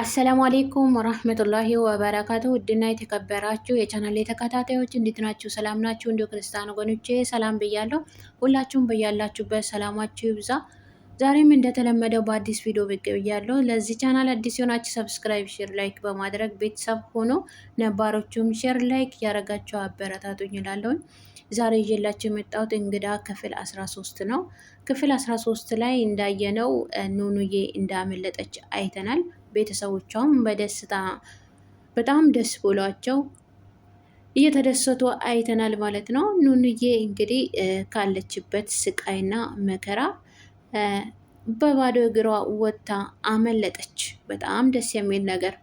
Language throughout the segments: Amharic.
አሰላሙ አሌይኩም ወራህመቱላሂ ወበረካቱ። ውድና የተከበራችሁ የቻናል ተከታታዮች እንዴት ናችሁ? ሰላም ናችሁ? እንዲሁ ክርስቲያን ወገኖቼ ሰላም ብያለሁ። ሁላችሁም በያላችሁበት ሰላማችሁ ይብዛ። ዛሬም እንደተለመደው በአዲስ ቪዲዮ ብቅ ብያለሁ። ለዚህ ቻናል አዲስ የሆናችሁ ሰብስክራይብ፣ ሼር፣ ላይክ በማድረግ ቤተሰብ ሆኖ ነባሮቹም ሼር ላይክ ያደረጋቸው አበረታቱኝ እላለሁኝ። ዛሬ ይዤላቸው የመጣሁት እንግዳ ክፍል አስራ ሶስት ነው። ክፍል አስራ ሶስት ላይ እንዳየነው ኑኑዬ እንዳመለጠች አይተናል። ቤተሰቦቿም በደስታ በጣም ደስ ብሏቸው እየተደሰቱ አይተናል ማለት ነው። ኑኑዬ እንግዲህ ካለችበት ስቃይና መከራ በባዶ እግሯ ወጥታ አመለጠች። በጣም ደስ የሚል ነገር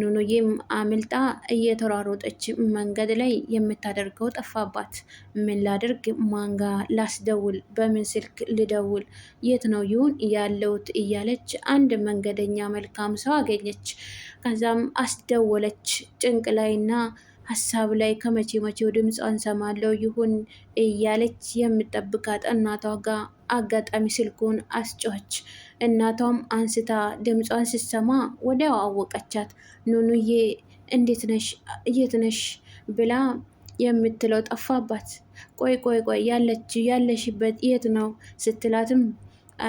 ኑኑዬም አምልጣ እየተሯሮጠች መንገድ ላይ የምታደርገው ጠፋባት። ምን ላድርግ? ማንጋ ላስደውል? በምን ስልክ ልደውል? የት ነው ይሁን ያለውት? እያለች አንድ መንገደኛ መልካም ሰው አገኘች። ከዛም አስደወለች። ጭንቅ ላይና ሀሳብ ላይ ከመቼ መቼው ድምፅ አንሰማለው ይሁን እያለች የምጠብቃት እናቷ ጋር አጋጣሚ ስልኩን አስጮች። እናቷም አንስታ ድምጿን ስትሰማ ወዲያው አወቀቻት። ኑኑዬ እንዴት ነሽ? የት ነሽ? ብላ የምትለው ጠፋባት። ቆይ ቆይ ቆይ ያለች ያለሽበት የት ነው ስትላትም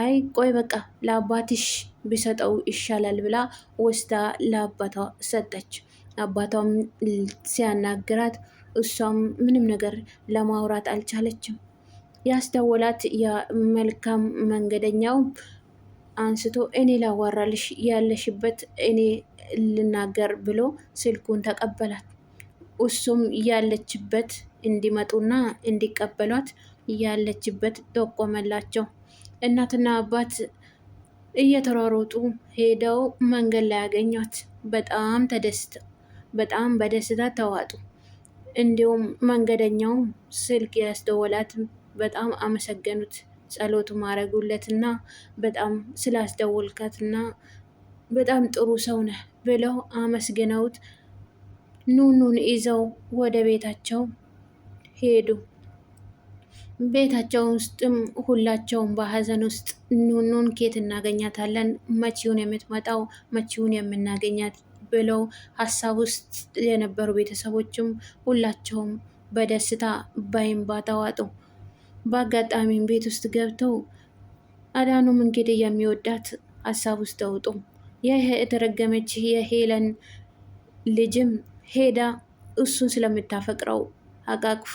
አይ ቆይ በቃ ለአባትሽ ቢሰጠው ይሻላል ብላ ወስዳ ለአባቷ ሰጠች። አባቷም ሲያናግራት እሷም ምንም ነገር ለማውራት አልቻለችም። ያስደወላት የመልካም መንገደኛው አንስቶ እኔ ላዋራልሽ ያለሽበት እኔ ልናገር ብሎ ስልኩን ተቀበላት። እሱም ያለችበት እንዲመጡና እንዲቀበሏት ያለችበት ጠቆመላቸው። እናትና አባት እየተሯሮጡ ሄደው መንገድ ላይ ያገኟት። በጣም ተደስተ በጣም በደስታ ተዋጡ። እንዲሁም መንገደኛው ስልክ ያስደወላት በጣም አመሰገኑት። ማድረጉለት ማድረጉለትና በጣም ስላስደወልካትና በጣም ጥሩ ሰው ነህ ብለው አመስግነውት ኑኑን ይዘው ወደ ቤታቸው ሄዱ። ቤታቸው ውስጥም ሁላቸውም በሀዘን ውስጥ ኑኑን ኬት እናገኛታለን፣ መቼውን የምትመጣው መቼውን የምናገኛት ብለው ሀሳብ ውስጥ የነበሩ ቤተሰቦችም ሁላቸውም በደስታ በእንባ ተዋጡ። በአጋጣሚም ቤት ውስጥ ገብተው አዳኑም እንግዲህ የሚወዳት ሀሳብ ውስጥ ተውጡ። ይህ የተረገመች የሄለን ልጅም ሄዳ እሱን ስለምታፈቅረው አቃቅፋ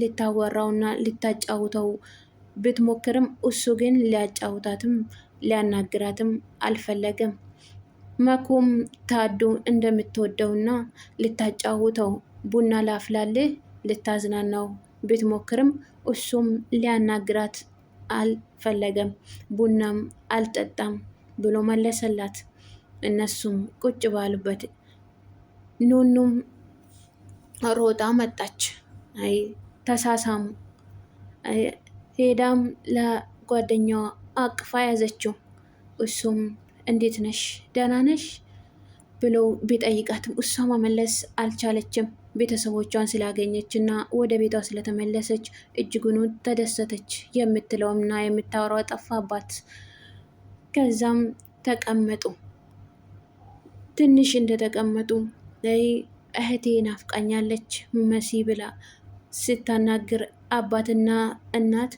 ልታወራውና ልታጫውተው ብትሞክርም እሱ ግን ሊያጫውታትም ሊያናግራትም አልፈለገም። መኩም ታዱ እንደምትወደውና ልታጫውተው ቡና ላፍላልህ ልታዝናናው ብትሞክርም እሱም ሊያናግራት አልፈለገም። ቡናም አልጠጣም ብሎ መለሰላት። እነሱም ቁጭ ባሉበት ኑኑም ሮጣ መጣች። አይ ተሳሳሙ። ሄዳም ለጓደኛዋ አቅፋ ያዘችው። እሱም እንዴት ነሽ ደህና ነሽ ብሎ ቢጠይቃትም እሷ መመለስ አልቻለችም። ቤተሰቦቿን ስላገኘች እና ወደ ቤቷ ስለተመለሰች እጅጉኑ ተደሰተች። የምትለውምና የምታወራው ጠፋባት። ከዛም ተቀመጡ። ትንሽ እንደተቀመጡ ይ እህቴ ናፍቃኛለች መሲ ብላ ስታናግር አባትና እናት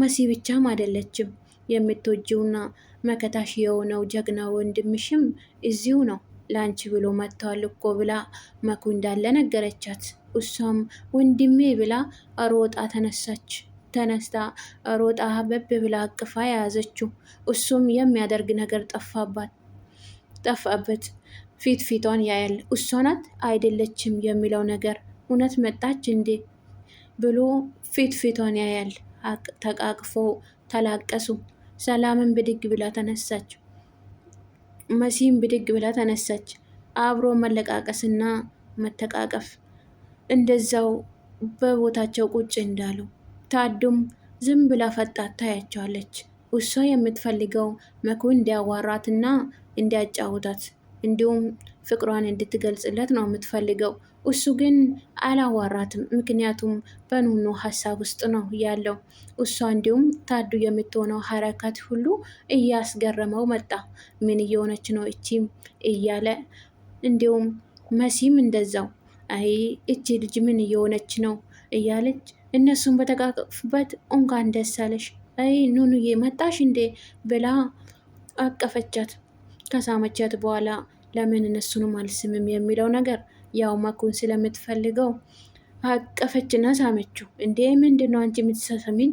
መሲ ብቻም አይደለችም የምትወጂውና መከታሽ የሆነው ጀግና ወንድምሽም እዚሁ ነው ለአንቺ ብሎ መጥተዋል እኮ ብላ መኩ እንዳለ ነገረቻት። እሷም ወንድሜ ብላ ሮጣ ተነሳች። ተነስታ ሮጣ በብ ብላ አቅፋ የያዘችው። እሱም የሚያደርግ ነገር ጠፋባት ጠፋበት። ፊት ፊቷን ያያል። እሷ ናት አይደለችም የሚለው ነገር እውነት መጣች እንዴ ብሎ ፊት ፊቷን ያያል። ተቃቅፎ ተላቀሱ። ሰላምን ብድግ ብላ ተነሳች። መሲም ብድግ ብላ ተነሳች። አብሮ መለቃቀስና መተቃቀፍ እንደዛው በቦታቸው ቁጭ እንዳሉ ታዱም ዝም ብላ ፈጣት ታያቸዋለች። እሷ የምትፈልገው መኩ እንዲያዋራትና እንዲያጫውታት እንዲሁም ፍቅሯን እንድትገልጽለት ነው የምትፈልገው። እሱ ግን አላዋራትም። ምክንያቱም በኑኑ ሀሳብ ውስጥ ነው ያለው። እሷ እንዲሁም ታዱ የምትሆነው ሀረካት ሁሉ እያስገረመው መጣ። ምን እየሆነች ነው እቺም እያለ እንዲሁም መሲም እንደዛው አይ እቺ ልጅ ምን እየሆነች ነው እያለች እነሱን በተቃቀፉበት እንኳን ደስ አለሽ፣ አይ ኑኑዬ መጣሽ እንዴ ብላ አቀፈቻት። ከሳመቻት በኋላ ለምን እነሱንም አልስምም የሚለው ነገር ያው መኩን ስለምትፈልገው አቀፈችና ሳመችው። እንዴ ምንድን ነው አንቺ የምትሳሳሚኝ?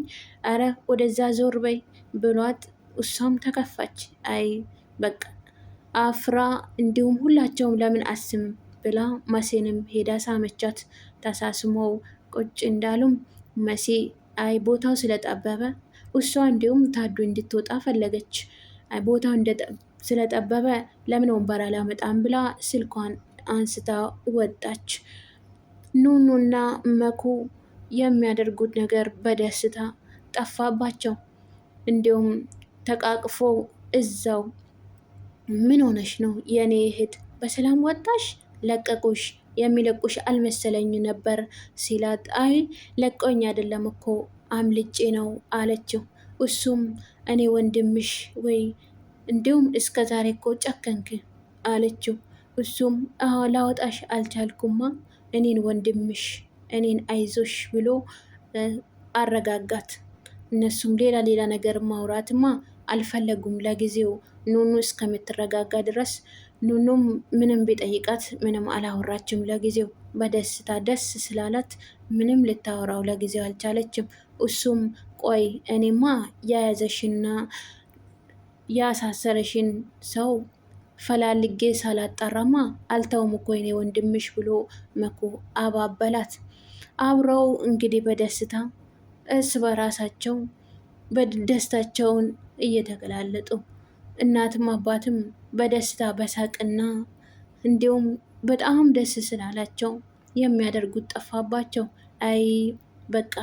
አረ ወደዛ ዞር በይ ብሏት እሷም ተከፋች። አይ በቃ አፍራ እንዲሁም ሁላቸውም ለምን አስም ብላ መሴንም ሄዳ ሳመቻት። ተሳስመው ቁጭ እንዳሉም መሴ አይ ቦታው ስለጠበበ እሷ እንዲሁም ታዱ እንድትወጣ ፈለገች። ቦታው ስለጠበበ ለምን ወንበር አላመጣም ብላ ስልኳን አንስታ ወጣች። ኑኑና መኩ የሚያደርጉት ነገር በደስታ ጠፋባቸው። እንዲሁም ተቃቅፎ እዛው ምን ሆነሽ ነው የእኔ እህት በሰላም ወጣሽ? ለቀቁሽ? የሚለቁሽ አልመሰለኝ ነበር ሲላት፣ አይ ለቆኝ አይደለም እኮ አምልጬ ነው አለችው። እሱም እኔ ወንድምሽ ወይ እንዲሁም እስከ ዛሬ እኮ ጨከንክ አለችው። እሱም ላወጣሽ አልቻልኩማ እኔን ወንድምሽ እኔን አይዞሽ ብሎ አረጋጋት። እነሱም ሌላ ሌላ ነገር ማውራትማ አልፈለጉም ለጊዜው ኑኑ እስከምትረጋጋ ድረስ። ኑኑም ምንም ቢጠይቃት ምንም አላወራችም ለጊዜው። በደስታ ደስ ስላላት ምንም ልታወራው ለጊዜው አልቻለችም። እሱም ቆይ እኔማ የያዘሽና ያሳሰረሽን ሰው ፈላልጌ ሳላጣራማ አልተውም እኮ የኔ ወንድምሽ ብሎ መኩ አባበላት። አብረው እንግዲህ በደስታ እርስ በራሳቸው በደስታቸውን እየተገላለጡ እናትም አባትም በደስታ በሳቅና እንዲሁም በጣም ደስ ስላላቸው የሚያደርጉት ጠፋባቸው። አይ በቃ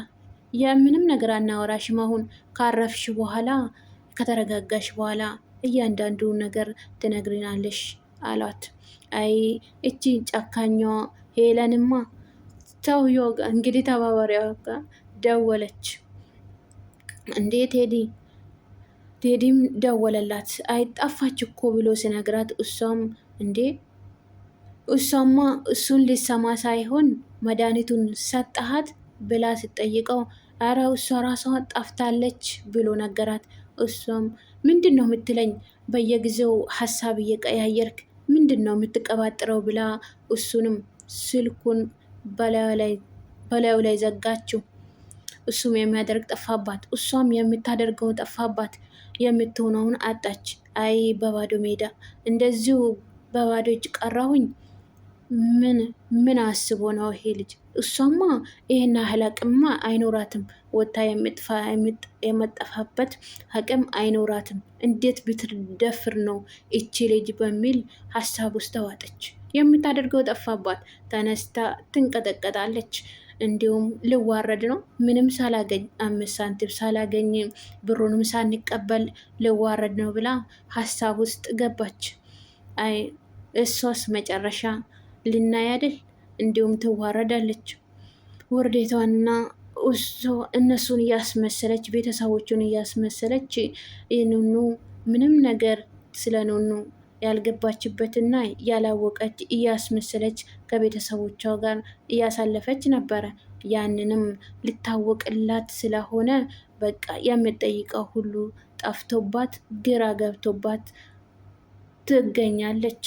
የምንም ነገር አናወራሽም አሁን ካረፍሽ በኋላ ከተረጋጋሽ በኋላ እያንዳንዱ ነገር ትነግሪናለሽ አሏት። አይ እቺ ጨካኛዋ ሄለንማ ሰውዬው እንግዲህ ተባባሪዋ ጋ ደወለች። እንዴ ቴዲ ቴዲም ደወለላት። አይ እኮ ብሎ ስነግራት እሷም እንዴ እሷማ እሱን ሊሰማ ሳይሆን መድኃኒቱን ሰጠሃት ብላ ስጠይቀው አረ እሷ ራሷ ጠፍታለች ብሎ ነገራት። እሷም ምንድን ነው የምትለኝ በየጊዜው ሀሳብ እየቀያየርክ ምንድን ነው የምትቀባጥረው ብላ እሱንም ስልኩን በላዩ ላይ ዘጋችው። እሱም የሚያደርግ ጠፋባት፣ እሷም የምታደርገው ጠፋባት። የምትሆነውን አጣች። አይ በባዶ ሜዳ እንደዚሁ በባዶ እጅ ቀራሁኝ። ምን ምን አስቦ ነው ይሄ ልጅ? እሷማ ይሄን ያህል አቅምማ አይኖራትም። ወታ የመጠፋበት አቅም አይኖራትም። እንዴት ብትደፍር ነው እቺ ልጅ በሚል ሀሳብ ውስጥ ተዋጠች። የምታደርገው ጠፋባት። ተነስታ ትንቀጠቀጣለች። እንዲሁም ልዋረድ ነው ምንም ሳላገኝ አምስት ሳንቲም ሳላገኝ ብሩንም ሳንቀበል ልዋረድ ነው ብላ ሀሳብ ውስጥ ገባች። አይ እሷስ መጨረሻ ልናያደል እንዲሁም ትዋረዳለች። ውርዴቷንና እነሱን እያስመሰለች ቤተሰቦቹን እያስመሰለች ኑኑ ምንም ነገር ስለ ኑኑ ያልገባችበትና ያላወቀች እያስመሰለች ከቤተሰቦቿ ጋር እያሳለፈች ነበረ። ያንንም ልታወቅላት ስለሆነ በቃ የምጠይቀው ሁሉ ጠፍቶባት ግራ ገብቶባት ትገኛለች።